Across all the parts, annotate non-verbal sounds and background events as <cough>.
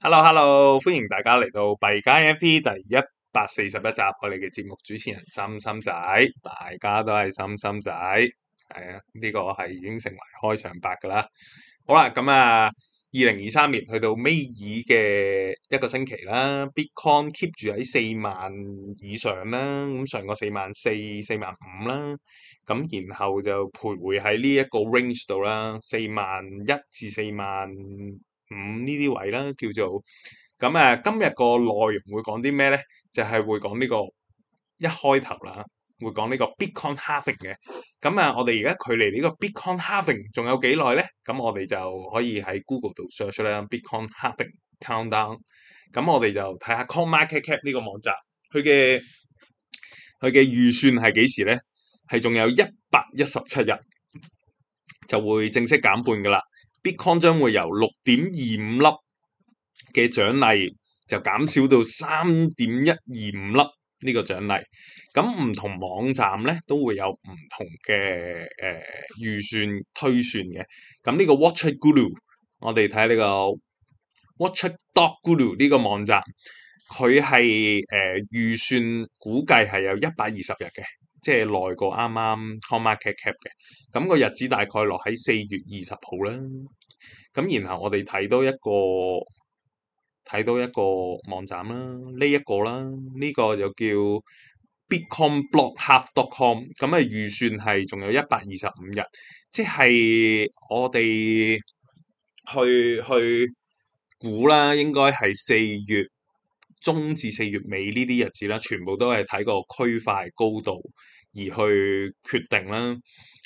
Hello，Hello，hello. 歡迎大家嚟到幣加 NFT 第一百四十一集，我哋嘅節目主持人心心仔，大家都係心心仔，係、哎、啊、呢、這個係已經成為開場白噶啦。好啦，咁啊，二零二三年去到尾二嘅一個星期啦，Bitcoin keep 住喺四萬以上啦，咁上個四萬四、四萬五啦，咁然後就徘徊喺呢一個 range 度啦，四萬一至四萬。五呢啲位啦，叫做咁啊。今日個內容會講啲咩咧？就係會講呢個一開頭啦，會講呢個 Bitcoin Halving 嘅。咁啊，我哋而家距離呢個 Bitcoin Halving 仲有幾耐咧？咁我哋就可以喺 Google 度 search 啦，Bitcoin Halving countdown。咁我哋就睇下 Coin Market Cap 呢個網站，佢嘅佢嘅預算係幾時咧？係仲有一百一十七日就會正式減半噶啦。Bitcoin 將會由六點二五粒嘅獎勵，就減少到三點一二五粒呢個獎勵。咁唔同網站咧都會有唔同嘅誒預算推算嘅。咁呢個 Watcher Guru，我哋睇呢個 Watcher Guru 呢個網站，佢係誒預算估計係有一百二十日嘅。即係內個啱啱 coinmarketcap 嘅，咁個日子大概落喺四月二十號啦。咁然後我哋睇到一個睇到一個網站啦，呢一個啦，呢個就叫 bitcoinblockhalf.com。咁啊預算係仲有一百二十五日，即係我哋去去估啦，應該係四月中至四月尾呢啲日子啦，全部都係睇個區塊高度。而去決定啦，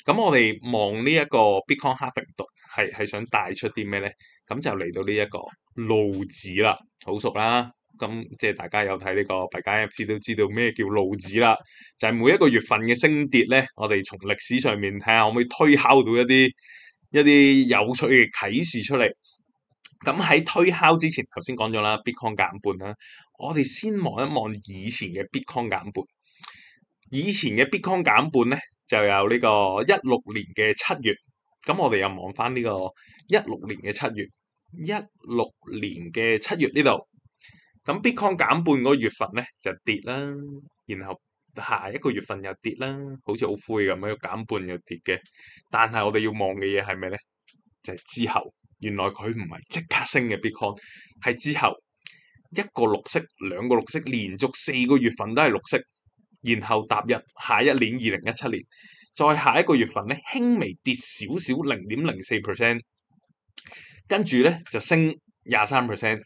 咁我哋望呢一個 Bitcoin Halving 係係想帶出啲咩咧？咁就嚟到呢一個路指啦，好熟啦，咁即係大家有睇呢個幣加 NFT 都知道咩叫路指啦，就係、是、每一個月份嘅升跌咧，我哋從歷史上面睇下可唔可以推敲到一啲一啲有趣嘅啟示出嚟。咁喺推敲之前，頭先講咗啦，Bitcoin 減半啦，我哋先望一望以前嘅 Bitcoin 減半。以前嘅 Bitcoin 減半咧，就有呢個一六年嘅七月。咁我哋又望翻呢個一六年嘅七月，一六年嘅七月呢度。咁 Bitcoin 減半嗰月份咧就跌啦，然後下一個月份又跌啦，好似好灰咁樣，又減半又跌嘅。但係我哋要望嘅嘢係咩咧？就係、是、之後，原來佢唔係即刻升嘅 Bitcoin，係之後一個綠色，兩個綠色，連續四個月份都係綠色。然後踏入下一年二零一七年，再下一個月份咧輕微跌少少零點零四 percent，跟住咧就升廿三 percent。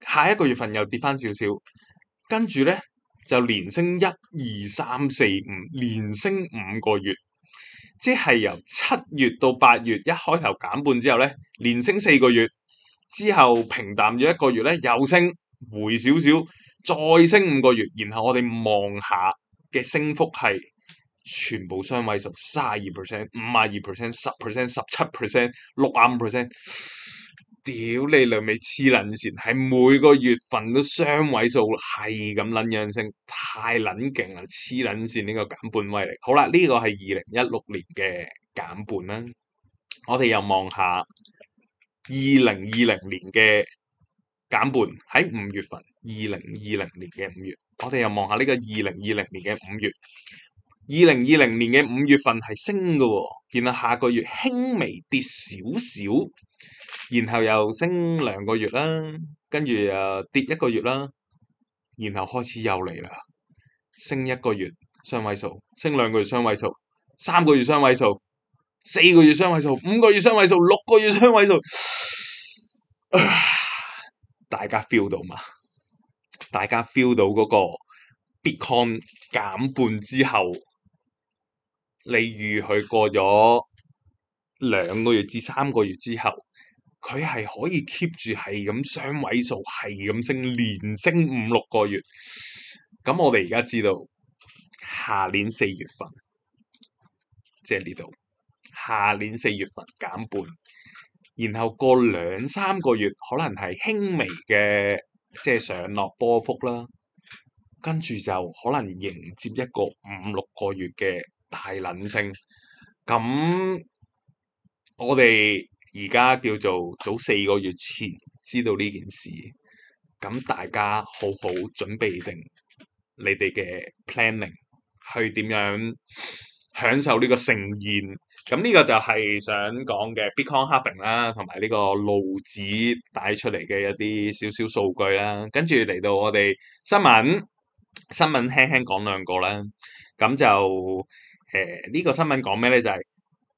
下一個月份又跌返少少，跟住咧就連升一二三四五，連升五個月，即係由七月到八月一開頭減半之後咧，連升四個月之後平淡咗一個月咧，又升回少少。再升五個月，然後我哋望下嘅升幅係全部雙位數，三十二 percent、五十二 percent、十 percent、十七 percent、六十五 percent。屌你兩味黐撚線，係 <music> 每個月份都雙位數，係咁撚樣升，太撚勁啦！黐撚線呢個減半威力，好啦，呢、呢個係二零一六年嘅減半啦。我哋又望下二零二零年嘅。減半喺五月份，二零二零年嘅五月，我哋又望下呢個二零二零年嘅五月，二零二零年嘅五月份係升嘅喎、哦，然後下個月輕微跌少少，然後又升兩個月啦，跟住又跌一個月啦，然後開始又嚟啦，升一個月雙位數，升兩個月雙位數，三個月雙位數，四個月雙位數，五個月雙位數，六個月雙位數。呃大家 feel 到嘛？大家 feel 到嗰個 Bitcoin 減半之後，例如佢過咗兩個月至三個月之後，佢係可以 keep 住係咁雙位數，係咁升，連升五六個月。咁我哋而家知道，下年四月份，即係呢度，下年四月份減半。然後過兩三個月，可能係輕微嘅即係上落波幅啦，跟住就可能迎接一個五六個月嘅大冷清。咁、嗯、我哋而家叫做早四個月前知道呢件事，咁、嗯、大家好好準備定你哋嘅 planning，去點樣享受呢個盛宴。咁呢個就係想講嘅 Bitcoin halving 啦，同埋呢個路子帶出嚟嘅一啲少少數據啦。跟住嚟到我哋新聞，新聞輕輕講兩個啦。咁就誒呢、呃這個新聞講咩咧？就係、是、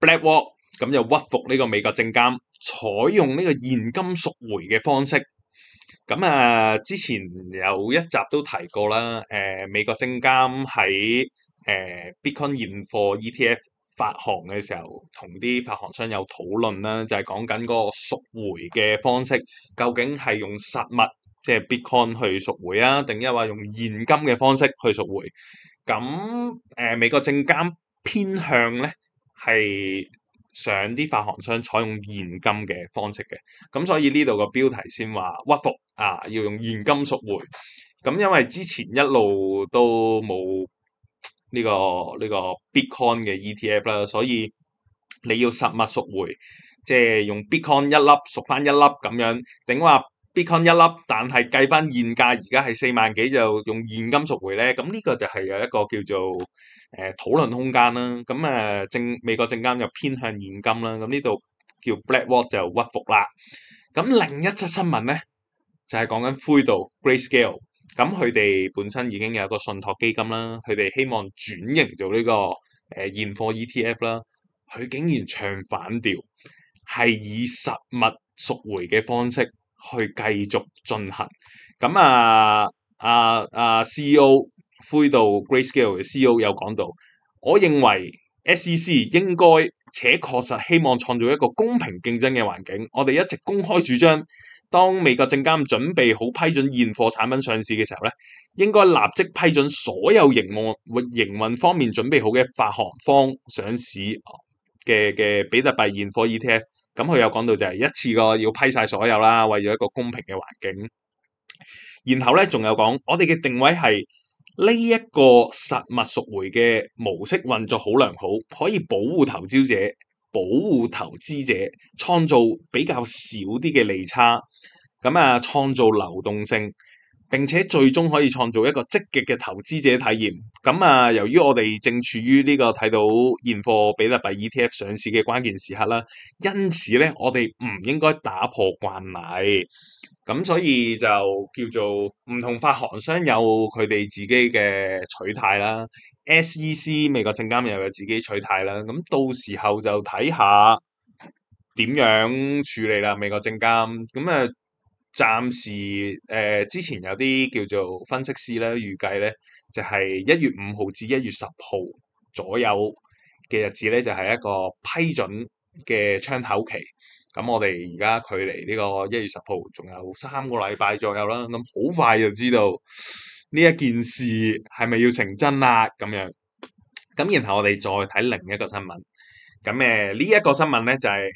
BlackRock 咁就屈服呢個美國證監，採用呢個現金贖回嘅方式。咁啊，之前有一集都提過啦。誒、呃，美國證監喺誒 Bitcoin 現貨 ETF。發行嘅時候，同啲發行商有討論啦，就係、是、講緊嗰個贖回嘅方式，究竟係用實物即係、就是、Bitcoin 去贖回啊，定一係話用現金嘅方式去贖回？咁誒、呃、美國證監偏向咧係想啲發行商採用現金嘅方式嘅，咁所以呢度個標題先話屈服啊，要用現金贖回。咁因為之前一路都冇。呢個呢個 Bitcoin 嘅 ETF 啦，所以你要實物贖回，即係用 Bitcoin 一粒贖翻一粒咁樣，定話 Bitcoin 一粒，但係計翻現價而家係四萬幾就用現金贖回咧，咁呢個就係有一個叫做誒討論空間啦。咁誒證美國證監就偏向現金啦，咁呢度叫 BlackRock 就屈服啦。咁另一則新聞咧就係講緊灰度 Grayscale。Gr 咁佢哋本身已經有一個信託基金啦，佢哋希望轉型做呢個誒現貨 ETF 啦，佢竟然唱反調，係以實物贖回嘅方式去繼續進行。咁啊啊啊，CEO 灰度 Grayscale 嘅 CEO 有講到，我認為 SEC 應該且確實希望創造一個公平競爭嘅環境，我哋一直公開主張。當美國證監準備好批准現貨產品上市嘅時候咧，應該立即批准所有營運或營運方面準備好嘅發行方上市嘅嘅比特幣現貨 ETF。咁佢有講到就係一次過要批晒所有啦，為咗一個公平嘅環境。然後咧，仲有講我哋嘅定位係呢一個實物贖回嘅模式運作好良好，可以保護投資者、保護投資者，創造比較少啲嘅利差。咁啊，創造流動性，並且最終可以創造一個積極嘅投資者體驗。咁啊，由於我哋正處於呢個睇到現貨比特幣 ETF 上市嘅關鍵時刻啦，因此咧，我哋唔應該打破慣例。咁所以就叫做唔同發行商有佢哋自己嘅取態啦。SEC 美國證監又有自己取態啦。咁到時候就睇下點樣處理啦。美國證監咁啊～暫時誒、呃，之前有啲叫做分析師咧預計咧，就係、是、一月五號至一月十號左右嘅日子咧，就係、是、一個批准嘅窗口期。咁我哋而家距離呢個一月十號仲有三個禮拜左右啦，咁好快就知道呢一件事係咪要成真啦、啊、咁樣。咁然後我哋再睇另一個新聞。咁誒，呢、呃、一、這個新聞咧就係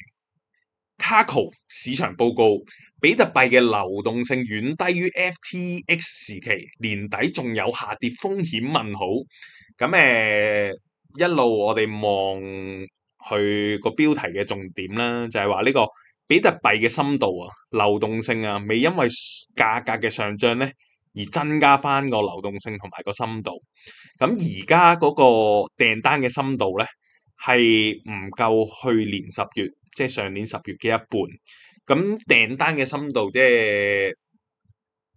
Carco 市場報告。比特幣嘅流動性遠低於 FTX 時期，年底仲有下跌風險問號。咁誒、呃，一路我哋望去個標題嘅重點啦，就係話呢個比特幣嘅深度啊，流動性啊，未因為價格嘅上漲咧而增加翻個流動性同埋個深度。咁而家嗰個訂單嘅深度咧係唔夠去年十月。即係上年十月嘅一半，咁訂單嘅深度即係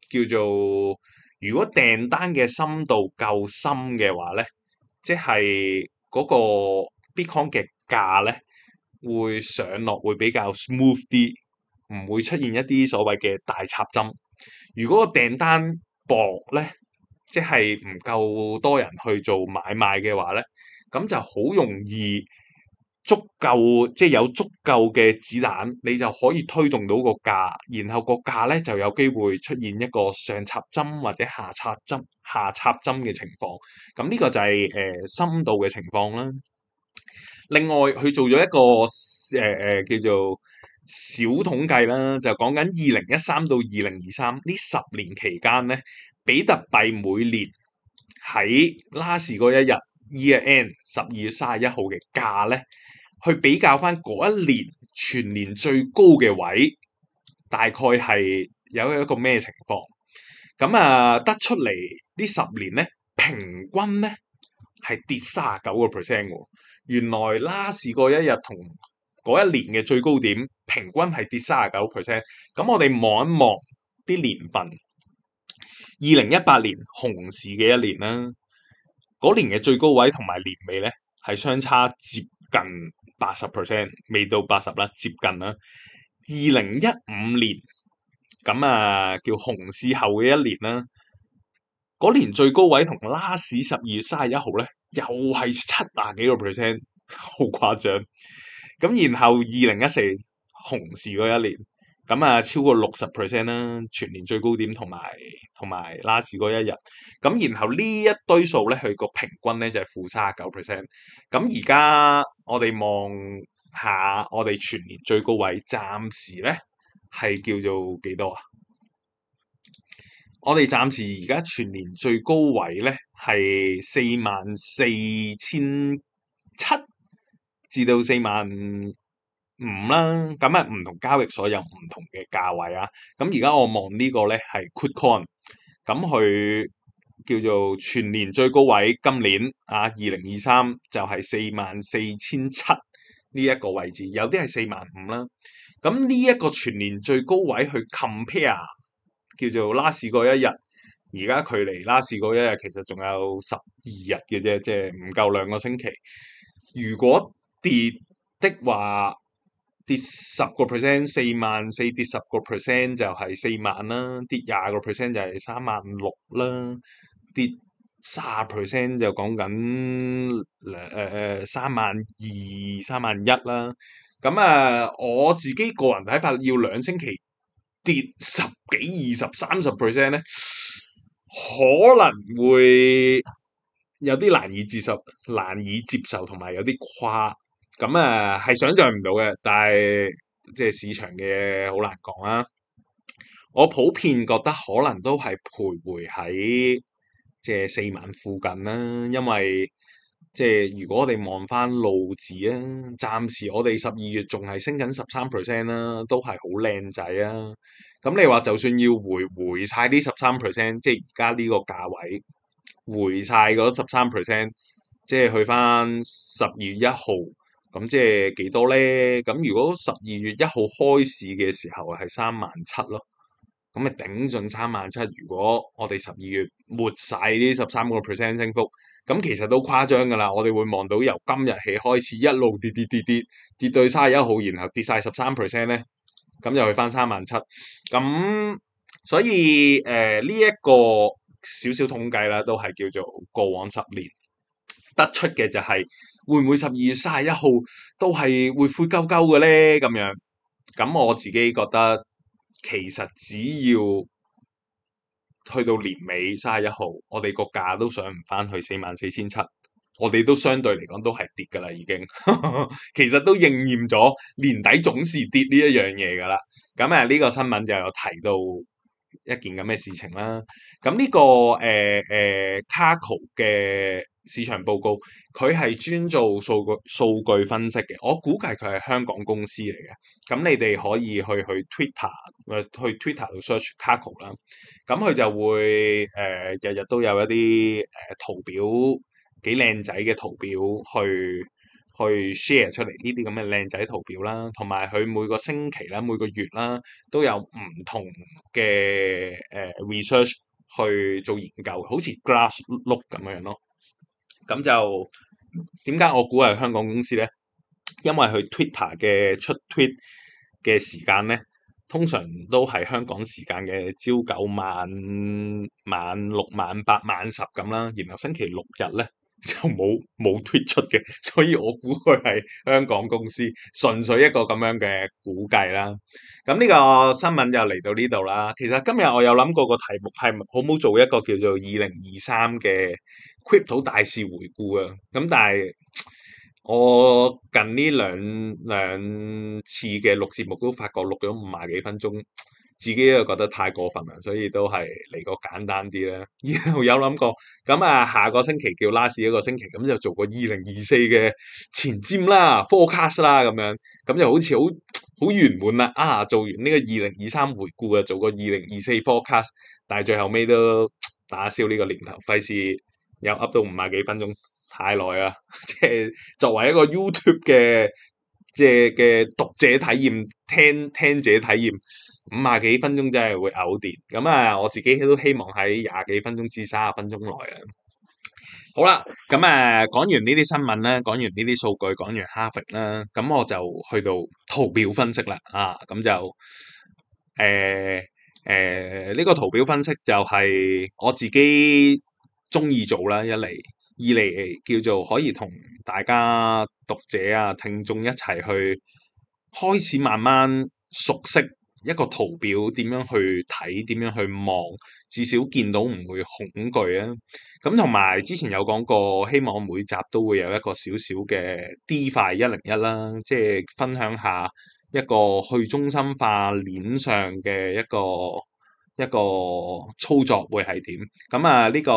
叫做，如果訂單嘅深度夠深嘅話咧，即係嗰個 Bitcoin 嘅價咧會上落會比較 smooth 啲，唔會出現一啲所謂嘅大插針。如果個訂單薄咧，即係唔夠多人去做買賣嘅話咧，咁就好容易，足夠，即係、就是、有足夠嘅子彈，你就可以推動到個價，然後個價咧就有機會出現一個上插針或者下插針下插針嘅情況。咁呢個就係、是、誒、呃、深度嘅情況啦。另外佢做咗一個誒誒、呃、叫做小統計啦，就講緊二零一三到二零二三呢十年期間咧，比特幣每年喺 last 嗰一日，Year end 十二月三十一號嘅價咧，去比較翻嗰一年全年最高嘅位，大概係有一個咩情況？咁啊，得出嚟呢十年咧，平均咧係跌三十九個 percent 喎。原來 last 嗰一日同嗰一年嘅最高點平均係跌三十九 percent。咁我哋望一望啲年份，二零一八年熊市嘅一年啦。嗰年嘅最高位同埋年尾咧，係相差接近八十 percent，未到八十啦，接近啦。二零一五年咁啊，叫熊市後嘅一年啦。嗰年最高位同 last 十二月三十一號咧，又係七十幾個 percent，好誇張。咁然後二零一四年熊市嗰一年，咁啊，超過六十 percent 啦，全年最高點同埋同埋 last 嗰一日。咁然後呢一堆數咧，佢個平均咧就係負三十九 percent。咁而家我哋望下我哋全年最高位暫呢，暫時咧係叫做幾多啊？我哋暫時而家全年最高位咧係四萬四千七至到四萬。唔啦，咁啊唔同交易所有唔同嘅價位啊。咁而家我望呢個咧係 Quidcoin 咁佢叫做全年最高位，今年啊二零二三就係四萬四千七呢一個位置，有啲係四萬五啦。咁呢一個全年最高位去 compare 叫做 last 嗰一日，而家距離 last 嗰一日其實仲有十二日嘅啫，即係唔夠兩個星期。如果跌的話，跌十個 percent，四萬四；跌十個 percent 就係四萬啦；就是、36, 000, 跌廿個 percent 就係三萬六啦；跌卅 percent 就講緊誒誒三萬二、三萬一啦。咁啊，我自己個人睇法，要兩星期跌十幾、二十三十 percent 咧，可能會有啲難以接受、難以接受同埋有啲誇。咁啊，係想像唔到嘅，但係即係市場嘅好難講啦、啊。我普遍覺得可能都係徘徊喺即係四萬附近啦、啊，因為即係如果我哋望翻路字啊，暫時我哋十二月仲係升緊十三 percent 啦，都係好靚仔啊。咁你話就算要回回晒呢十三 percent，即係而家呢個價位回晒嗰十三 percent，即係去翻十二月一號。咁即係幾多咧？咁如果十二月一號開始嘅時候係三萬七咯，咁咪頂盡三萬七。如果我哋十二月抹晒呢十三個 percent 升幅，咁其實都誇張噶啦。我哋會望到由今日起開始一路跌跌跌跌，跌到三十一號，然後跌晒十三 percent 咧，咁又去翻三萬七。咁所以誒呢一個少少統計啦，都係叫做過往十年得出嘅就係、是。會唔會十二月三十一號都係會灰鳩鳩嘅咧？咁樣。咁我自己覺得，其實只要去到年尾三十一號，我哋個價都上唔翻去四萬四千七，我哋都相對嚟講都係跌㗎喇，已經。 <laughs> 其實都應驗咗年底總是跌呢一樣嘢㗎喇。咁啊，呢個新聞就有提到一件咁嘅事情啦。咁呢、呢個誒誒卡酷嘅呃呃市場報告佢係專做數據數據分析嘅。我估計佢係香港公司嚟嘅。咁你哋可以去去 Twitter、呃、去 Twitter 度 search Kaiko 啦。咁、嗯、佢就會誒日日都有一啲誒、呃、圖表幾靚仔嘅圖表去去，去 share 出嚟呢啲咁嘅靚仔圖表啦。同埋佢每個星期啦、每個月啦都有唔同嘅誒、呃、research 去做研究，好似 Glass Look 咁樣咯。咁就點解我估係香港公司咧？因為佢 Twitter 嘅出 tweet 嘅時間咧，通常都係香港時間嘅朝九晚五、晚六、晚八、晚十咁啦，然後星期六日咧，就冇冇推出嘅，所以我估佢係香港公司，純粹一個咁樣嘅估計啦。咁呢個新聞又嚟到呢度啦。其實今日我有諗過個題目係好唔好做一個叫做二零二三嘅 Crypto 大事回顧啊。咁但係我近呢兩兩次嘅錄節目都發覺錄咗五廿幾分鐘。自己又覺得太過分啦，所以都係嚟個簡單啲啦。然 <laughs> 後有諗過咁啊，下個星期叫 last 一個星期，咁就做個二零二四嘅前瞻啦，forecast 啦咁樣，咁就好似好好圓滿啦。啊，做完呢個二零二三回顧啊，做個二零二四 forecast，但係最後尾都打消呢個念頭，費事又 up 到五十幾分鐘，太耐啦。即 <laughs> 係作為一個 YouTube 嘅即係嘅讀者體驗，聽聽者體驗。五廿幾分鐘真係會嘔電，咁啊我自己都希望喺廿幾分鐘至三十分鐘內啊。好啦，咁啊講完聞呢啲新聞咧，講完呢啲數據，講完 halving 啦，咁我就去到圖表分析啦。啊，咁就誒誒呢個圖表分析就係我自己中意做啦，一嚟二嚟叫做可以同大家讀者啊、聽眾一齊去開始慢慢熟悉。一個圖表點樣去睇，點樣去望，至少見到唔會恐懼啊！咁同埋之前有講過，希望每集都會有一個小小嘅 DeFi 101啦，即係分享下一個去中心化鏈上嘅一個一個操作會係點。咁啊，呢個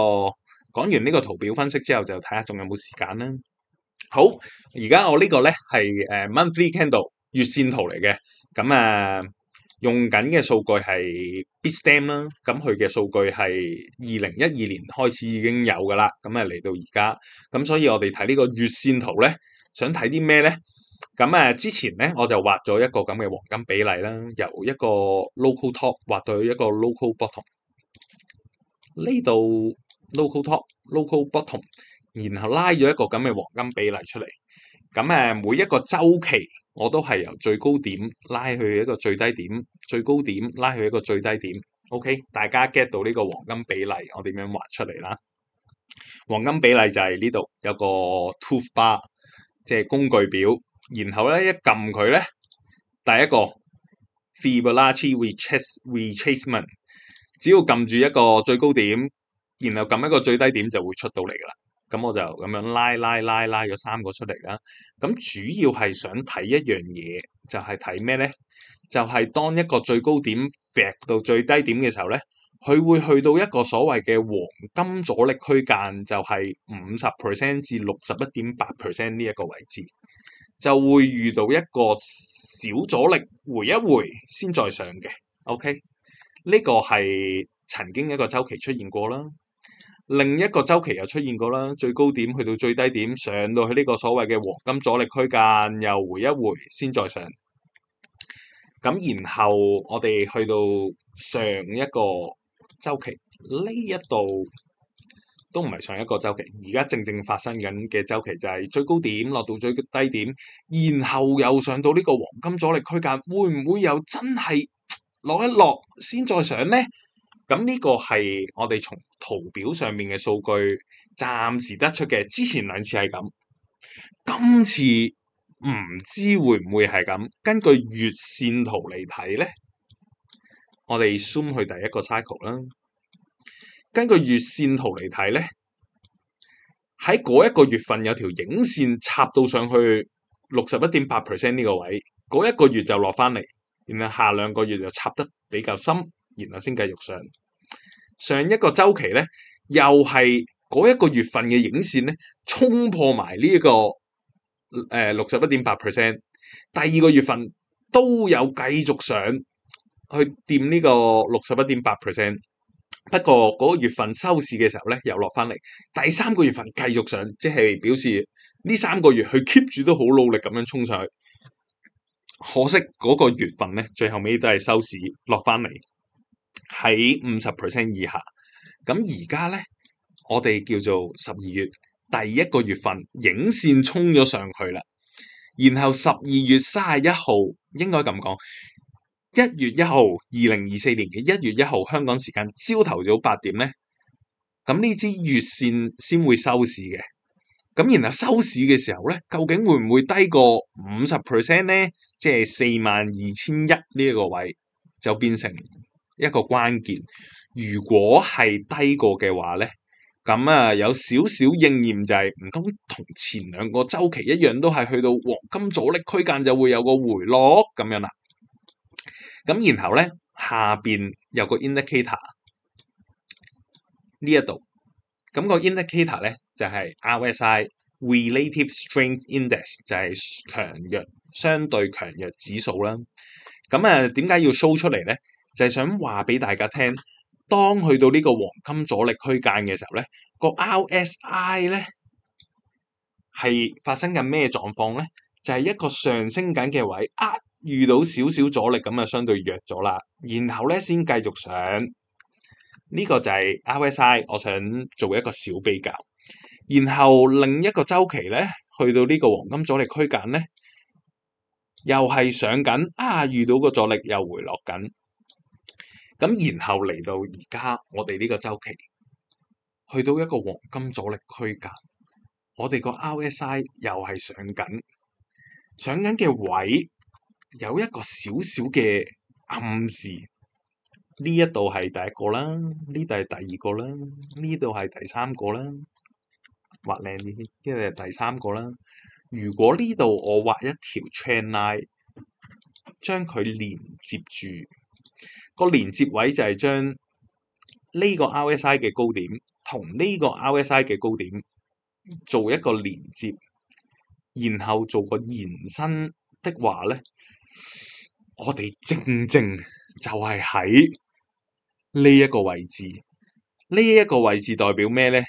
講完呢個圖表分析之後，就睇下仲有冇時間啦。好，而家我呢個咧係誒 monthly candle 月線圖嚟嘅，咁啊。用緊嘅數據係 Bitstamp 啦，咁佢嘅數據係二零一二年開始已經有㗎啦，咁啊嚟到而家，咁所以我哋睇呢個月線圖咧，想睇啲咩咧？咁啊之前咧我就畫咗一個咁嘅黃金比例啦，由一個 local top 畫到一個 local bottom，呢度 local top local bottom，然後拉咗一個咁嘅黃金比例出嚟。咁誒每一個周期我都係由最高點拉去一個最低點，最高點拉去一個最低點。OK，大家 get 到呢個黃金比例，我點樣畫出嚟啦？黃金比例就係呢度有個 tool bar，即係工具表，然後咧一撳佢咧，第一個 Fibonacci retrace retracement，只要撳住一個最高點，然後撳一個最低點就會出到嚟噶啦。咁我就咁樣拉拉拉拉咗三個出嚟啦。咁主要係想睇一樣嘢，就係睇咩呢？就係、是、當一個最高點劈到最低點嘅時候呢，佢會去到一個所謂嘅黃金阻力區間，就係五十 percent 至六十一點八 percent 呢一個位置，就會遇到一個小阻力，回一回先再上嘅。OK，呢個係曾經一個周期出現過啦。另一個周期又出現過啦，最高點去到最低點，上到去呢個所謂嘅黃金阻力區間，又回一回先再上。咁然後我哋去到上一個周期呢一度都唔係上一個周期，而家正正發生緊嘅周期就係最高點落到最低點，然後又上到呢個黃金阻力區間，會唔會又真係落一落先再上呢？咁呢個係我哋從圖表上面嘅數據暫時得出嘅，之前兩次係咁，今次唔知會唔會係咁。根據月線圖嚟睇呢，我哋 zoom 去第一個 cycle 啦。根據月線圖嚟睇呢，喺嗰一個月份有條影線插到上去六十一點八 percent 呢個位，嗰一個月就落返嚟，然後下兩個月就插得比較深，然後先繼續上。上一個週期咧，又係嗰一個月份嘅影線咧，衝破埋呢一個誒六十一點八 percent。第二個月份都有繼續上去掂呢個六十一點八 percent。不過嗰個月份收市嘅時候咧，又落翻嚟。第三個月份繼續上，即係表示呢三個月佢 keep 住都好努力咁樣衝上去。可惜嗰個月份咧，最後尾都係收市落翻嚟。喺五十 percent 以下，咁而家咧，我哋叫做十二月第一個月份影線衝咗上去啦，然後十二月三十一號應該咁講，一月一號二零二四年嘅一月一號香港時間朝頭早八點咧，咁呢支月線先會收市嘅，咁然後收市嘅時候咧，究竟會唔會低過五十 percent 咧？即係四萬二千一呢一、就是、個位就變成。一個關鍵，如果係低過嘅話咧，咁啊有少少應驗就係唔通同前兩個週期一樣，都係去到黃金阻力區間就會有個回落咁樣啦、啊。咁然後咧，下邊有個 indicator、那個、ind 呢一度，咁個 indicator 咧就係、是、RSI Relative Strength Index 就係強弱，相對強弱指數啦。咁啊點解要 show 出嚟咧？就係想話俾大家聽，當去到呢個黃金阻力區間嘅時候、那個 RSI、呢個 RSI 呢係發生緊咩狀況呢就係、是、一個上升緊嘅位啊，遇到少少阻力咁啊，就相對弱咗啦，然後呢，先繼續上。呢、這個就係 RSI，我想做一個小比較。然後另一個週期呢，去到呢個黃金阻力區間呢，又係上緊啊，遇到個阻力又回落緊。咁然後嚟到而家，我哋呢個周期去到一個黃金阻力區間，我哋個 RSI 又係上緊，上緊嘅位有一個小小嘅暗示。呢一度係第一個啦，呢度係第二個啦，呢度係第三個啦，畫靚啲，呢度係第三個啦。如果呢度我畫一條 channel，將佢連接住。個連接位就係將呢個 RSI 嘅高點同呢個 RSI 嘅高點做一個連接，然後做個延伸的話呢，我哋正正就係喺呢一個位置，呢、這、一個位置代表咩呢？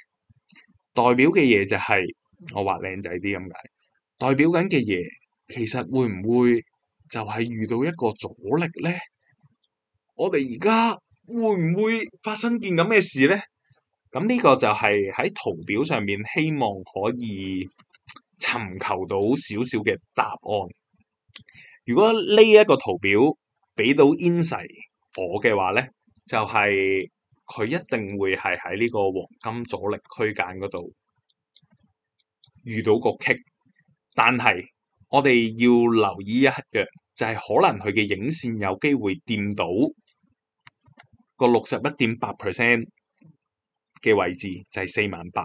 代表嘅嘢就係、是、我話靚仔啲咁解，代表緊嘅嘢其實會唔會就係遇到一個阻力呢？我哋而家會唔會發生件咁嘅事呢？咁呢個就係喺圖表上面希望可以尋求到少少嘅答案。如果呢一個圖表俾到 inspire 我嘅話呢，就係佢一定會係喺呢個黃金阻力區間嗰度遇到個棘。但係我哋要留意一樣，就係可能佢嘅影線有機會掂到。個六十一點八 percent 嘅位置就係四萬八。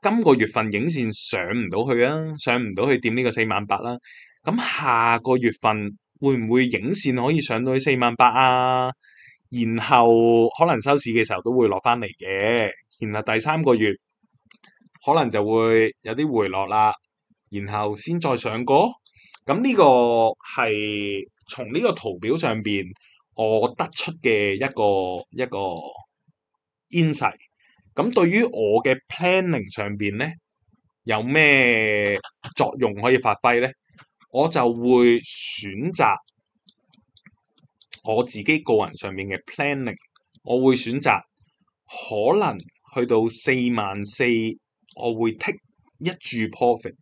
今個月份影線上唔到去啊，上唔到去掂呢個四萬八啦。咁下個月份會唔會影線可以上到去四萬八啊？然後可能收市嘅時候都會落翻嚟嘅。然後第三個月可能就會有啲回落啦。然後先再上過。咁呢個係從呢個圖表上面。我得出嘅一個一個 insight，咁對於我嘅 planning 上邊咧，有咩作用可以發揮咧？我就會選擇我自己個人上面嘅 planning，我會選擇可能去到四萬四，我會剔一注 profit；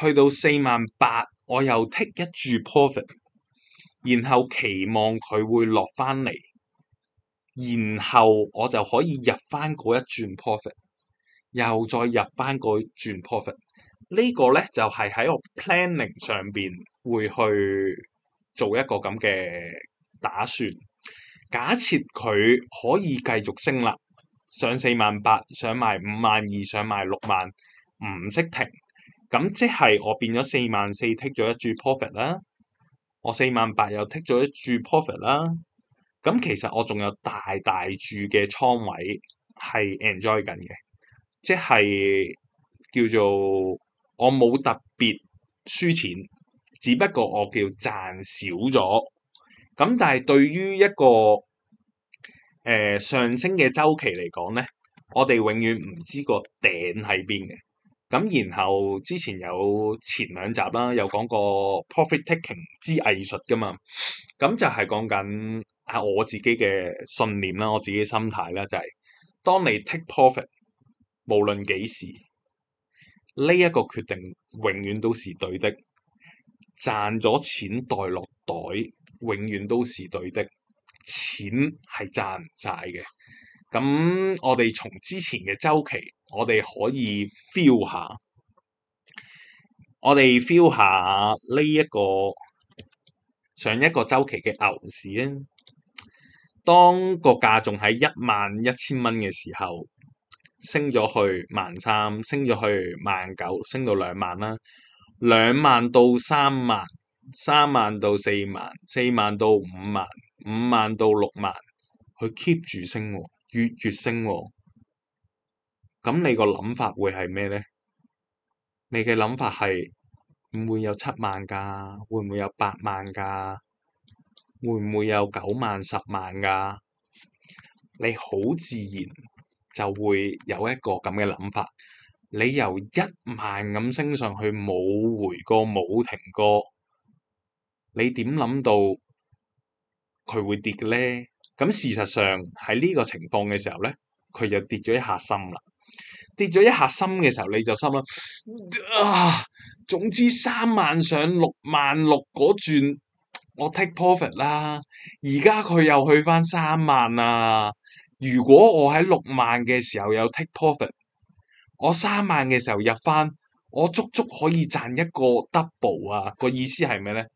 去到四萬八，我又剔一注 profit。然後期望佢會落返嚟，然後我就可以入返嗰一轉 profit，又再入返嗰一轉 profit。呢、這個呢，就係、是、喺我 planning 上邊會去做一個咁嘅打算。假設佢可以繼續升啦，上四萬八，上埋五萬二，上埋六萬，唔識停，咁即係我變咗四萬四，剔咗一注 profit 啦。我四萬八又 take 咗一注 profit 啦，咁其實我仲有大大注嘅倉位係 enjoy 緊嘅，即係叫做我冇特別輸錢，只不過我叫賺少咗，咁但係對於一個誒、呃、上升嘅周期嚟講咧，我哋永遠唔知個頂喺邊嘅。咁然後之前有前兩集啦、啊，有講過 profit taking 之藝術噶嘛，咁就係講緊啊我自己嘅信念啦，我自己嘅心態啦，就係、是、當你 take profit 無論幾時呢一、這個決定永遠都是對的，賺咗錢袋落袋永遠都是對的，錢係賺唔晒嘅，咁我哋從之前嘅周期。我哋可以 feel 下，我哋 feel 下呢、這、一個上一個周期嘅牛市啊！當個價仲喺一萬一千蚊嘅時候，升咗去萬三，升咗去萬九，升到兩萬啦。兩萬到三萬，三萬到四萬，四萬到五萬，五萬到六萬，佢 keep 住升，月月升。咁你個諗法會係咩呢？你嘅諗法係唔會有七萬㗎？會唔會有八萬㗎？會唔會有九萬、十萬㗎？你好自然就會有一個咁嘅諗法。你由一萬咁升上去，冇回過、冇停過，你點諗到佢會跌呢？咧？咁事實上喺呢個情況嘅時候呢，佢就跌咗一下心啦。跌咗一下心嘅時候，你就心啦。啊，總之三萬上六萬六嗰轉，我 take profit 啦。而家佢又去翻三萬啊！如果我喺六萬嘅時候有 take profit，我三萬嘅時候入翻，我足足可以賺一個 double 啊！個意思係咩咧？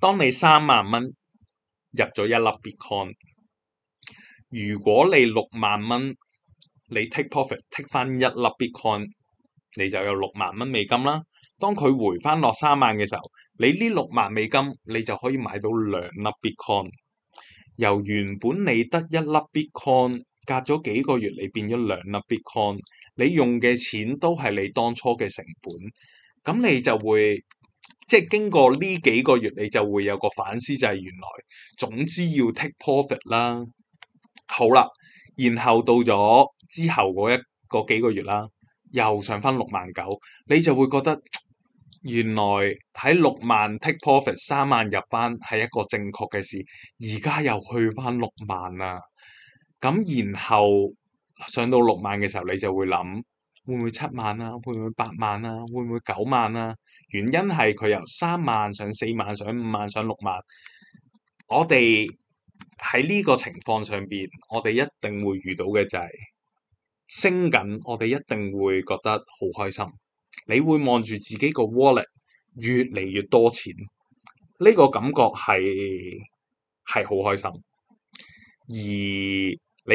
當你三萬蚊入咗一粒 Bitcoin，如果你六萬蚊，你 take profit take 翻一粒 bitcoin，你就有六萬蚊美金啦。當佢回翻落三萬嘅時候，你呢六萬美金你就可以買到兩粒 bitcoin。由原本你得一粒 bitcoin，隔咗幾個月你變咗兩粒 bitcoin，你用嘅錢都係你當初嘅成本。咁你就會即係經過呢幾個月，你就會有個反思，就係原來總之要 take profit 啦。好啦，然後到咗。之後嗰一個幾個月啦，又上翻六萬九，你就會覺得原來喺六萬 take profit 三萬入翻係一個正確嘅事。而家又去翻六萬啦，咁然後上到六萬嘅時候，你就會諗會唔會七萬啊？會唔會八萬啊？會唔會九萬啊？原因係佢由三萬上四萬上五萬上六萬，我哋喺呢個情況上邊，我哋一定會遇到嘅就係、是。升緊，我哋一定會覺得好開心。你會望住自己個 wallet 越嚟越多錢，呢個感覺係係好開心。而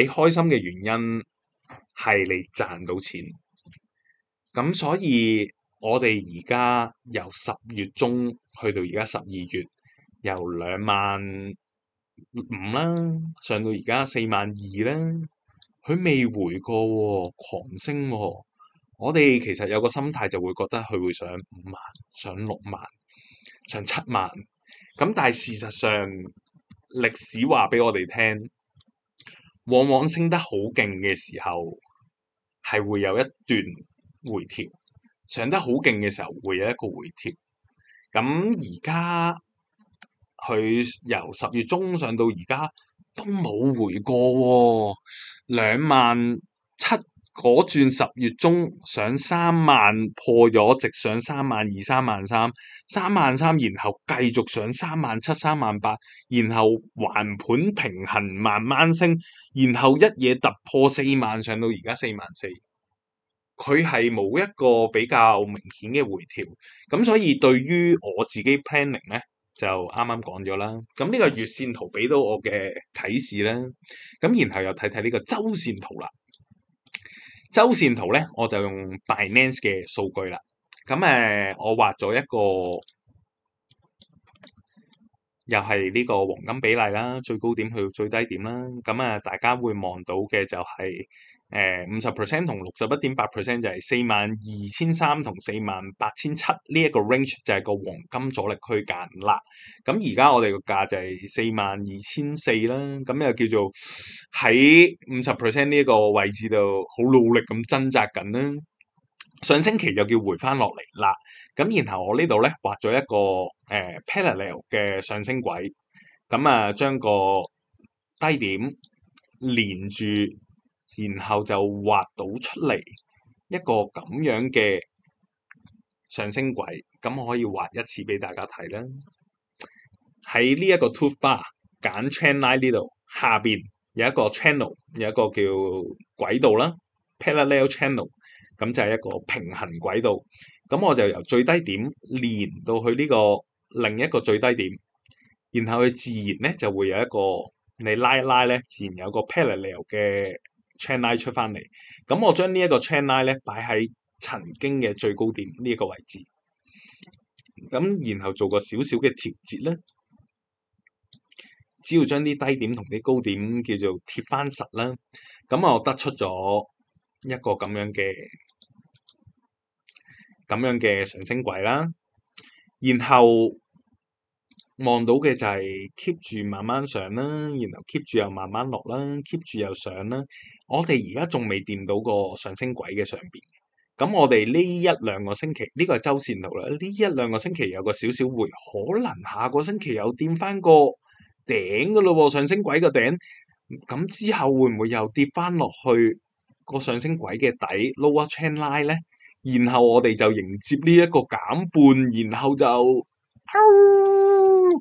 你開心嘅原因係你賺到錢。咁所以我哋而家由十月中去到而家十二月，由兩萬五啦，上到而家四萬二啦。佢未回過喎，狂升喎。我哋其實有個心態，就會覺得佢會上五萬、上六萬、上七萬。咁但係事實上，歷史話畀我哋聽，往往升得好勁嘅時候，係會有一段回調。上得好勁嘅時候，會有一個回調。咁而家佢由十月中上到而家。都冇回過、哦，兩萬七嗰轉，十月中上三萬破咗，直上三萬二、三萬三、三萬三，然後繼續上三萬七、三萬八，然後橫盤平衡慢慢升，然後一嘢突破四萬，上到而家四萬四，佢係冇一個比較明顯嘅回調，咁所以對於我自己 planning 呢。就啱啱講咗啦，咁呢個月線圖俾到我嘅提示啦，咁然後又睇睇呢個周線圖啦。周線圖咧，我就用 Binance 嘅數據啦，咁誒我畫咗一個，又係呢個黃金比例啦，最高點去到最低點啦，咁誒大家會望到嘅就係、是。誒五十 percent 同六十一點八 percent 就係四萬二千三同四萬八千七呢一個 range 就係個黃金阻力區間啦。咁而家我哋個價就係四萬二千四啦。咁又叫做喺五十 percent 呢一個位置度好努力咁掙扎緊啦。上星期又叫回翻落嚟啦。咁然後我呢度咧畫咗一個誒、呃、parallel 嘅上升軌。咁啊將個低點連住。然後就畫到出嚟一個咁樣嘅上升軌，咁我可以畫一次俾大家睇啦。喺呢一個 tooth bar 揀 channel 呢度下邊有一個 channel 有一個叫軌道啦，parallel channel 咁就係一個平衡軌道。咁我就由最低點連到去呢個另一個最低點，然後佢自然咧就會有一個你拉一拉咧，自然有個 parallel 嘅。chain line 出翻嚟，咁我將呢一個 chain line 咧擺喺曾經嘅最高點呢一個位置，咁然後做個少少嘅調節啦，只要將啲低點同啲高點叫做貼翻實啦，咁我得出咗一個咁樣嘅咁樣嘅上升軌啦，然後望到嘅就係 keep 住慢慢上啦，然後 keep 住又慢慢落啦，keep 住又上啦。我哋而家仲未掂到個上升軌嘅上邊，咁我哋呢一兩個星期，呢、這個係周線圖啦。呢一兩個星期有個少少回，可能下個星期又掂翻個頂噶咯喎，上升軌嘅頂。咁之後會唔會又跌翻落去個上升軌嘅底 lower channel line 咧？然後我哋就迎接呢一個減半，然後就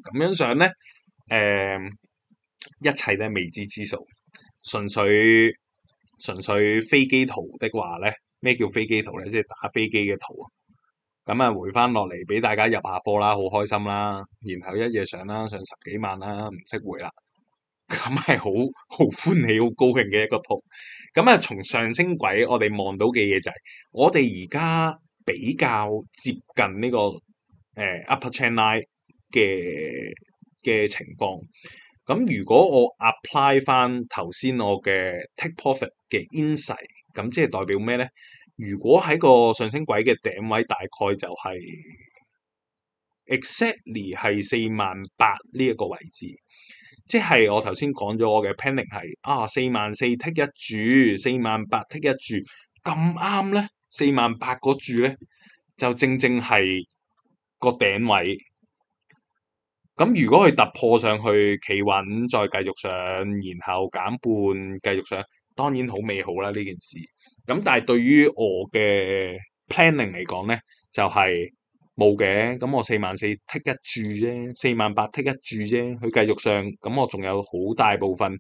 咁樣上咧。誒、呃，一切都係未知之數，純粹。純粹飛機圖的話咧，咩叫飛機圖咧？即係打飛機嘅圖啊！咁、嗯、啊，回翻落嚟俾大家入下貨啦，好開心啦，然後一夜上啦，上十幾萬啦，唔識回啦，咁係好好歡喜、好高興嘅一個圖。咁、嗯、啊，從、嗯、上升軌我哋望到嘅嘢就係、是，我哋而家比較接近呢、這個誒、呃、upper channel 嘅嘅情況。咁如果我 apply 翻頭先我嘅 take profit 嘅 insight，咁即係代表咩咧？如果喺個上升軌嘅頂位大概就係 exactly 係四萬八呢一個位置，即係我頭先講咗我嘅 planning 係啊四萬四 take 一注，四萬八 take 一注，咁啱咧？四萬八個注咧，就正正係個頂位。咁如果佢突破上去企穩，再繼續上，然後減半繼續上，當然好美好啦呢件事。咁但係對於我嘅 planning 嚟講咧，就係冇嘅。咁我四萬四剔一注啫，四萬八剔一注啫。佢繼續上，咁我仲有好大部分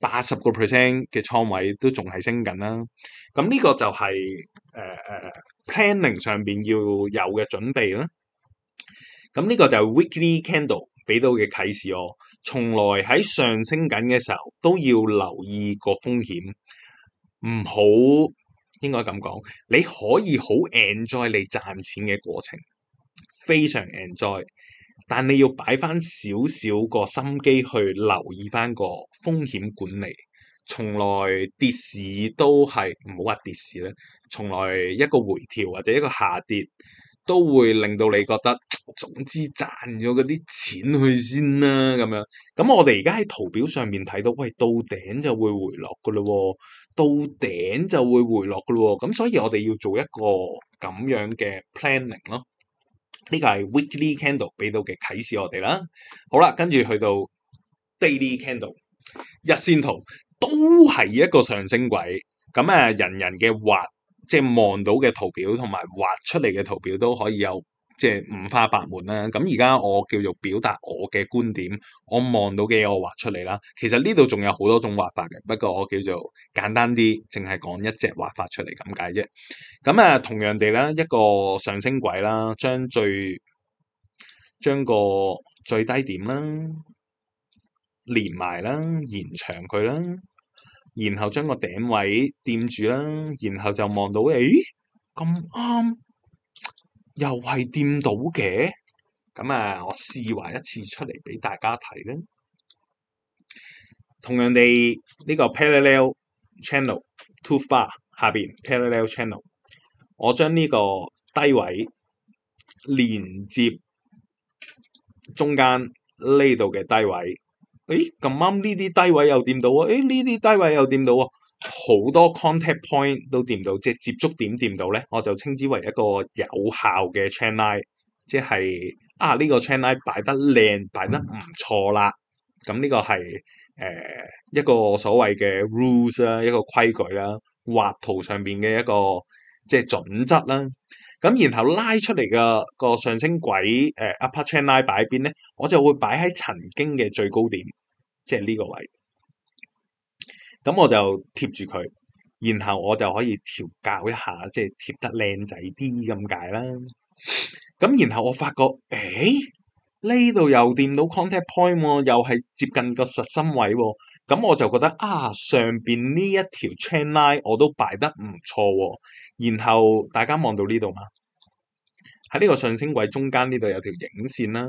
八十個 percent 嘅倉位都仲係升緊啦。咁呢個就係、誒、誒、uh, uh, planning 上邊要有嘅準備啦。咁呢個就係 weekly candle。俾到嘅啟示我，從來喺上升緊嘅時候都要留意個風險，唔好應該咁講。你可以好 enjoy 你賺錢嘅過程，非常 enjoy，但你要擺翻少少個心機去留意翻個風險管理。從來跌市都係唔好話跌市咧，從來一個回調或者一個下跌都會令到你覺得。總之賺咗嗰啲錢去先啦、啊，咁樣咁我哋而家喺圖表上面睇到，喂到頂就會回落噶咯，到頂就會回落噶咯，咁所以我哋要做一個咁樣嘅 planning 咯。呢、這個係 weekly candle 俾到嘅啟示我哋啦。好啦，跟住去到 daily candle 日線圖都係一個上升軌。咁誒、啊，人人嘅畫即係望到嘅圖表同埋畫出嚟嘅圖表都可以有。即係五花八門啦，咁而家我叫做表達我嘅觀點，我望到嘅我畫出嚟啦。其實呢度仲有好多種畫法嘅，不過我叫做簡單啲，淨係講一隻畫法出嚟咁解啫。咁啊，同樣地啦，一個上升軌啦，將最將個最低點啦連埋啦，延長佢啦，然後將個頂位墊住啦，然後就望到誒咁啱。又係掂到嘅，咁啊，我試畫一次出嚟畀大家睇咧。同樣地，呢、呢個 parallel channel tooth bar 下邊 parallel channel，我將呢個低位連接中間呢度嘅低位，誒咁啱呢啲低位又掂到啊！誒呢啲低位又掂到啊！好多 contact point 都掂到，即係接觸點掂到咧，我就稱之為一個有效嘅 channel line，即係啊呢、這個 channel line 擺得靚，擺得唔錯啦。咁呢個係誒、呃、一個所謂嘅 rules 啊，一個規矩啦，畫圖上邊嘅一個即係準則啦。咁然後拉出嚟嘅個上升軌誒、呃、upper channel line 擺喺邊咧，我就會擺喺曾經嘅最高點，即係呢個位。咁我就貼住佢，然後我就可以調校一下，即係貼得靚仔啲咁解啦。咁然後我發覺，誒呢度又掂到 contact point 喎、哦，又係接近個實心位喎、哦。咁我就覺得啊，上邊呢一條 trend line 我都擺得唔錯喎。然後大家望到呢度嘛，喺呢個上升軌中間呢度有條影線啦、啊。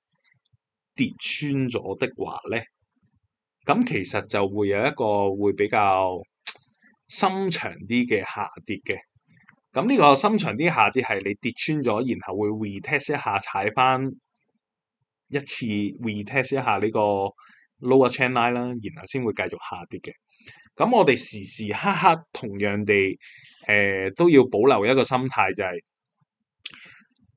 跌穿咗的話咧，咁其實就會有一個會比較深長啲嘅下跌嘅。咁呢個深長啲下跌係你跌穿咗，然後會 retest 一下踩返一次 retest 一下呢個 lower trend line 啦，然後先會繼續下跌嘅。咁我哋時時刻刻同樣地誒、呃、都要保留一個心態就係、是。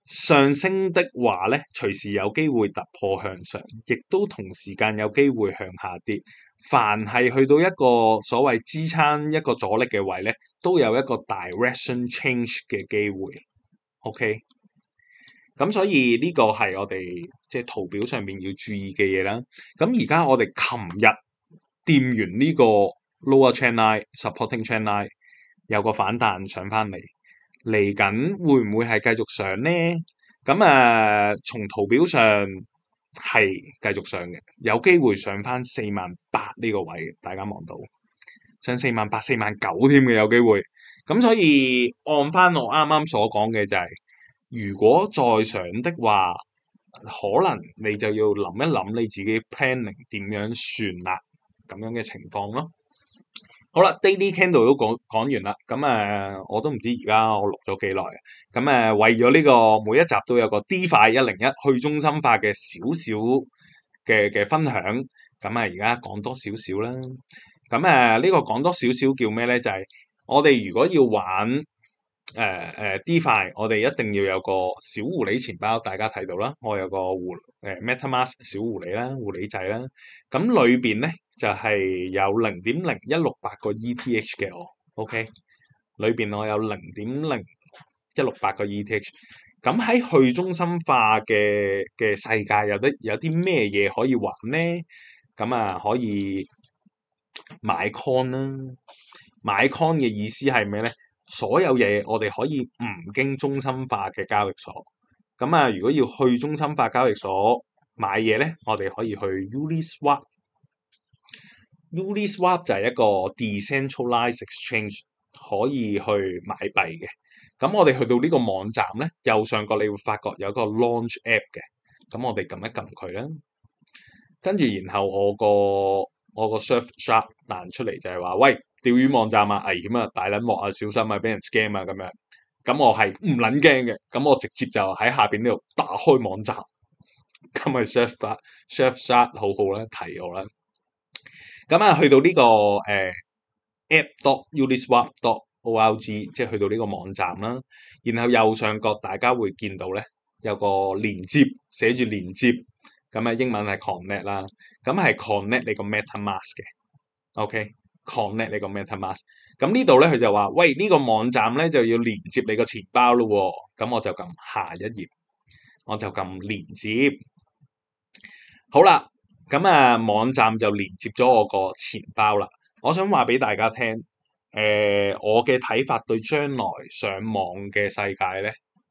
上升的話咧，隨時有機會突破向上，亦都同時間有機會向下跌。凡係去到一個所謂支撐、一個阻力嘅位咧，都有一個 direction change 嘅機會。OK，咁所以呢個係我哋即係圖表上面要注意嘅嘢啦。咁而家我哋琴日掂完呢個 lower trend line、supporting trend line，有個反彈上翻嚟。嚟緊會唔會係繼續上咧？咁啊，呃，從圖表上係繼續上嘅，有機會上翻四萬八呢個位，大家望到上四萬八、四萬九添嘅有機會。咁所以按翻我啱啱所講嘅就係，如果再上的話，可能你就要諗一諗你自己 planning 點樣算啦，咁樣嘅情況咯。好啦，Daily Candle 都講講完啦，咁誒我都唔知而家我錄咗幾耐嘅，咁誒為咗呢、這個每一集都有個 Defi 101去中心化嘅少少嘅嘅分享，咁啊而家講多少少啦，咁誒、這個、呢個講多少少叫咩咧？就係、是、我哋如果要玩。誒誒、uh, uh, DeFi 我哋一定要有個小狐狸錢包，大家睇到啦。我有個狐誒、uh, MetaMask 小狐狸啦，狐狸仔啦。咁裏邊咧就係、是、有零點零一六八個 ETH 嘅我，OK。裏邊我有零點零一六八個 ETH。咁喺去中心化嘅嘅世界有得有啲咩嘢可以玩咧？咁啊可以買 Con 啦、啊。買 Con 嘅意思係咩咧？所有嘢我哋可以唔經中心化嘅交易所，咁啊如果要去中心化交易所買嘢咧，我哋可以去 Uniswap。Uniswap 就係一個 Decentralized Exchange，可以去買幣嘅。咁我哋去到呢個網站咧，右上角你會發覺有個 Launch App 嘅，咁我哋撳一撳佢啦。跟住然後我個我個 surf shark 彈出嚟就係話：喂，釣魚網站啊，危險啊，大撚幕啊，小心啊，俾人 scam 啊咁樣。咁我係唔撚驚嘅，咁我直接就喺下邊呢度打開網站，咁咪 surf surf shark 好好啦，提我啦。咁啊，去到呢、這個誒、呃、app dot uniswap dot org，即係去到呢個網站啦。然後右上角大家會見到咧，有個連接，寫住連接。咁啊，英文係 connect 啦，咁係 connect 你個 MetaMask 嘅，OK，connect、okay？你個 MetaMask。咁、嗯、呢度咧，佢就話：喂，呢、這個網站咧就要連接你個錢包咯喎、哦。咁我就撳下一頁，我就撳連接。好啦，咁、嗯、啊，網站就連接咗我個錢包啦。我想話俾大家聽，誒、呃，我嘅睇法對將來上網嘅世界咧。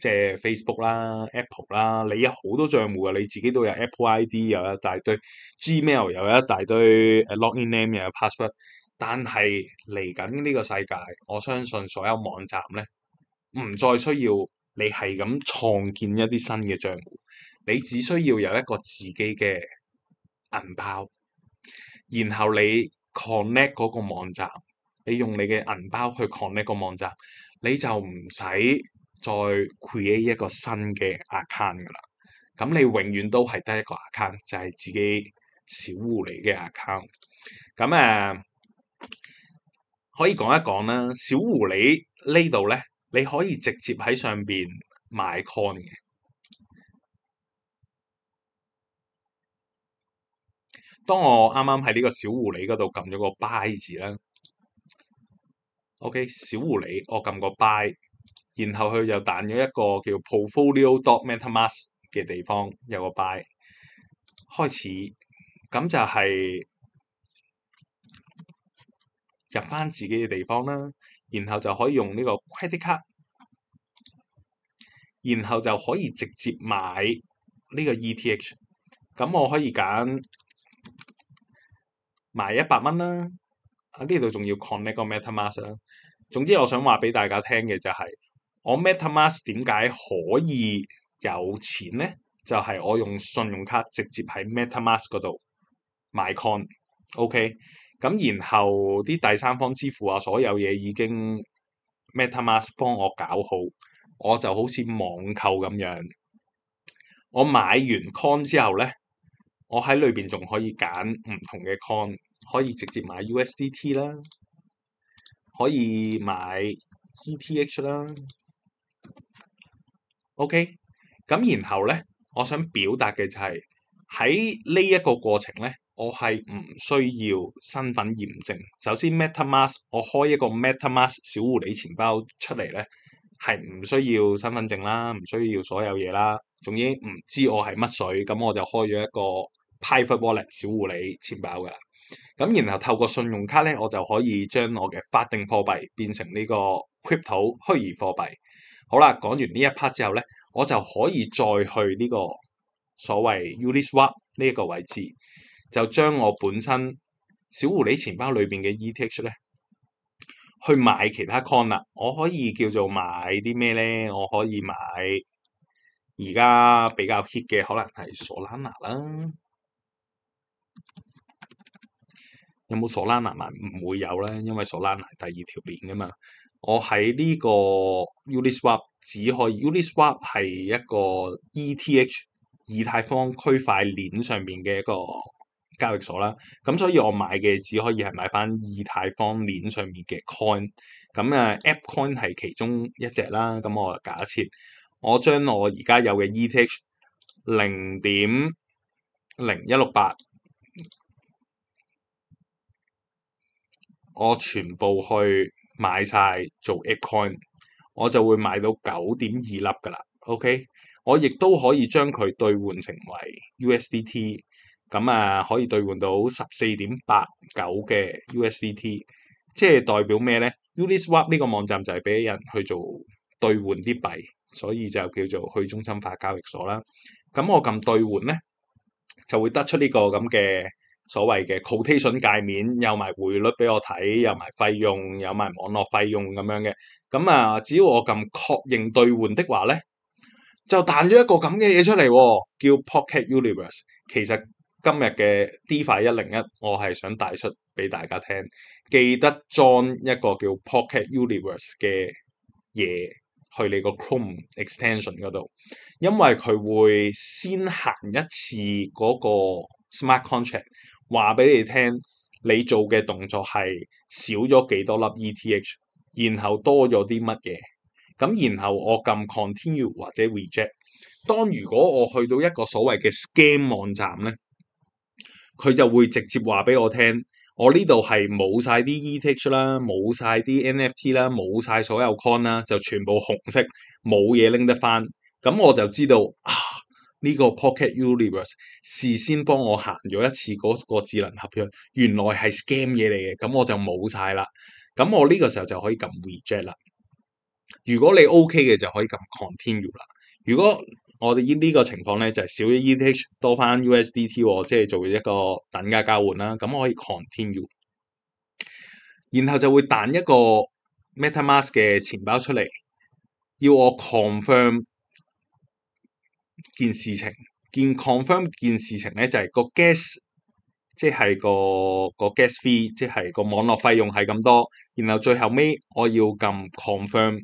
即係 Facebook 啦、Apple 啦，你有好多賬戶啊，你自己都有 Apple ID，又有一大堆 Gmail，又有一大堆誒、呃、login name 又有 password。但係嚟緊呢個世界，我相信所有網站咧，唔再需要你係咁創建一啲新嘅賬戶，你只需要有一個自己嘅銀包，然後你 connect 嗰個網站，你用你嘅銀包去 connect 個網站，你就唔使再 create 一個新嘅 account 噶啦，咁你永遠都係得一個 account，就係自己小狐狸嘅 account。咁誒、啊，可以講一講啦，小狐狸呢度咧，你可以直接喺上邊買 coin 嘅。當我啱啱喺呢個小狐狸嗰度撳咗個 buy 字啦，OK，小狐狸，我撳個 buy。然後佢就彈咗一個叫 Portfolio dot metamask 嘅地方，有個 buy 開始，咁就係入翻自己嘅地方啦。然後就可以用呢個 credit card，然後就可以直接買呢個 ETH。咁我可以揀買一百蚊啦。喺呢度仲要 connect 個 metamask 啦。總之我想話俾大家聽嘅就係。我 MetaMask 點解可以有錢咧？就係我用信用卡直接喺 MetaMask 度買 Con，OK。咁然後啲第三方支付啊，所有嘢已經 MetaMask 幫我搞好，我就好似網購咁樣。我買完 Con 之後咧，我喺裏邊仲可以揀唔同嘅 Con，可以直接買 USDT 啦，可以買 ETH 啦。O.K. 咁然後呢，我想表達嘅就係喺呢一個過程呢，我係唔需要身份驗證。首先，MetaMask 我開一個 MetaMask 小狐狸錢包出嚟呢，係唔需要身份證啦，唔需要所有嘢啦，仲依唔知我係乜水咁，我就開咗一個 p y f i Wallet 小狐狸錢包噶啦。咁然後透過信用卡呢，我就可以將我嘅法定貨幣變成呢個 Crypto 虛擬貨幣。好啦，講完呢一 part 之後咧，我就可以再去呢、這個所謂 Uniswap 呢一個位置，就將我本身小狐狸錢包裏邊嘅 ETH 咧，去買其他 coin 啦。我可以叫做買啲咩咧？我可以買而家比較 hit 嘅，可能係索拉納啦。有冇索拉納買？唔會有啦，因為索拉納第二條鏈噶嘛。我喺呢個 Uniswap 只可以 Uniswap 係一個 ETH 以太坊區塊鏈上面嘅一個交易所啦，咁所以我買嘅只可以係買翻以太坊鏈上面嘅 coin，咁誒、啊、AppCoin 係其中一隻啦，咁我假設我將我而家有嘅 ETH 零點零一六八，我全部去。買晒做 Acoin，我就會買到九點二粒㗎啦，OK？我亦都可以將佢兌換成為 USDT，咁啊可以兌換到十四點八九嘅 USDT，即係代表咩咧？Uniswap 呢個網站就係俾人去做兌換啲幣，所以就叫做去中心化交易所啦。咁我撳兌換咧，就會得出呢個咁嘅所謂嘅 quotation 界面，有埋匯率俾我睇，有埋費用，有埋網絡費用咁樣嘅。咁啊，只要我撳確認兌換的話咧，就彈咗一個咁嘅嘢出嚟，叫 Pocket Universe。其實今日嘅 DeFi 一零一，我係想帶出俾大家聽。記得裝一個叫 Pocket Universe 嘅嘢去你個 Chrome Extension 嗰度，因為佢會先行一次嗰個 Smart Contract。話俾你聽，你做嘅動作係少咗幾多粒 ETH，然後多咗啲乜嘢？咁然後我撳 continue 或者 reject。當如果我去到一個所謂嘅 scam 網站咧，佢就會直接話俾我聽，我呢度係冇晒啲 ETH 啦，冇晒啲 NFT 啦，冇晒所有 coin 啦，就全部紅色，冇嘢拎得返。咁我就知道啊！呢個 Pocket Universe 事先幫我行咗一次嗰個智能合約，原來係 scam 嘢嚟嘅，咁我就冇晒啦。咁我呢個時候就可以撳 reject 啦。如果你 OK 嘅，就可以撳 continue 啦。如果我哋依呢個情況咧，就係少咗 ETH，多翻 USDT 喎，即係做一個等價交換啦。咁我可以 continue，然後就會彈一個 MetaMask 嘅錢包出嚟，要我 confirm。件事情，件 confirm 件事情咧就係、是、個 gas 即係個個 gas fee，即係個網絡費用係咁多。然後最後尾我要撳 confirm，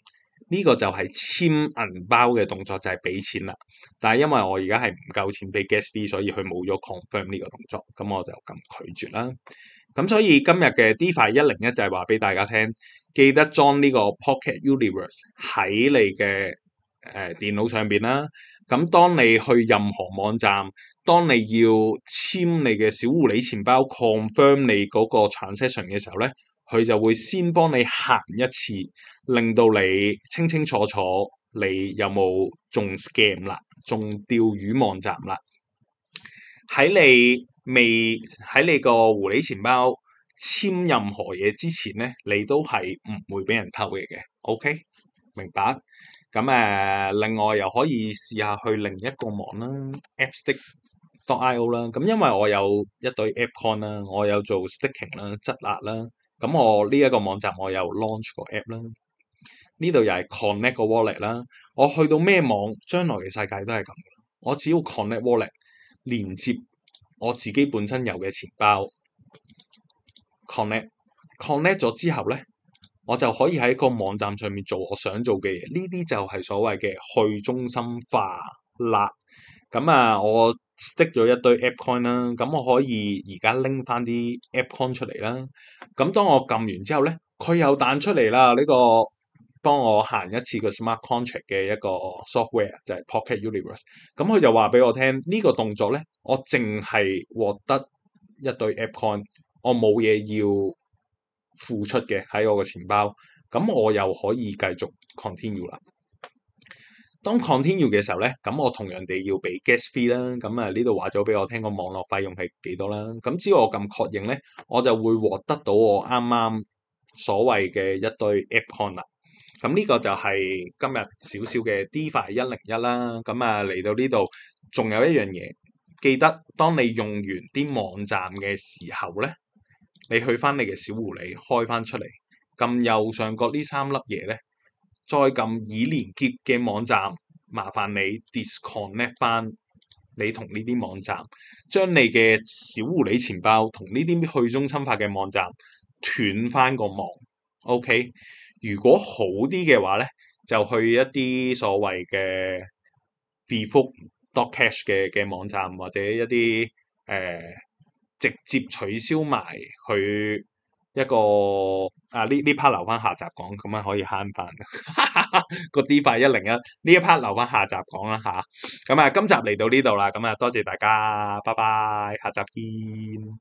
呢個就係簽銀包嘅動作，就係、是、俾錢啦。但係因為我而家係唔夠錢俾 gas fee，所以佢冇咗 confirm 呢個動作。咁我就撳拒絕啦。咁所以今日嘅 DeFi 一零一就係話俾大家聽，記得裝呢個 Pocket Universe 喺你嘅。誒、呃、電腦上邊啦，咁、啊、當你去任何網站，當你要簽你嘅小狐狸錢包 confirm 你嗰個 transaction 嘅時候咧，佢就會先幫你行一次，令到你清清楚楚你有冇中 scam 啦，中釣魚網站啦。喺你未喺你個狐狸錢包簽任何嘢之前咧，你都係唔會俾人偷嘢嘅。OK，明白？咁誒、嗯，另外又可以試下去另一個網啦，ApeStake.io 啦。咁、嗯、因為我有一對 ApeCoin 啦，我有做 staking 啦、質押啦。咁我呢一個網站，我又 launch 個 app 啦。呢度又係 connect 個 wallet 啦。我去到咩網，將來嘅世界都係咁。我只要 connect wallet，連接我自己本身有嘅錢包，connect，connect 咗 connect 之後咧。我就可以喺個網站上面做我想做嘅嘢，呢啲就係所謂嘅去中心化啦。咁啊，我 stake 咗一堆 app coin 啦，咁我可以而家拎翻啲 app coin 出嚟啦。咁當我撳完之後咧，佢又彈出嚟啦。呢個幫我行一次個 smart contract 嘅一個 software 就係 Pocket Universe。咁佢就話俾我聽，呢個動作咧，我淨係獲得一堆 app coin，我冇嘢要。付出嘅喺我嘅錢包，咁我又可以繼續 continue 啦。當 continue 嘅時候咧，咁我同樣地要俾 gas fee 啦。咁啊呢度話咗俾我聽個網絡費用係幾多啦。咁只要我咁確認咧，我就會獲得到我啱啱所謂嘅一堆 app con 啦。咁呢個就係今日少少嘅 divide 一零一啦。咁啊嚟到呢度，仲有一樣嘢，記得當你用完啲網站嘅時候咧。你去翻你嘅小狐狸開翻出嚟，撳右上角呢三粒嘢咧，再撳已連結嘅網站，麻煩你 disconnect 翻你同呢啲網站，將你嘅小狐狸錢包同呢啲去中心化嘅網站斷翻個網。OK，如果好啲嘅話咧，就去一啲所謂嘅 revoke.cash 嘅嘅網站或者一啲誒。呃直接取消埋佢一個啊！呢呢 part 留翻下集講，咁樣可以慳翻 <laughs> 個 DeFi 101呢一 part 留翻下集講啦吓。咁啊，今集嚟到呢度啦。咁啊，多謝大家，拜拜，下集見。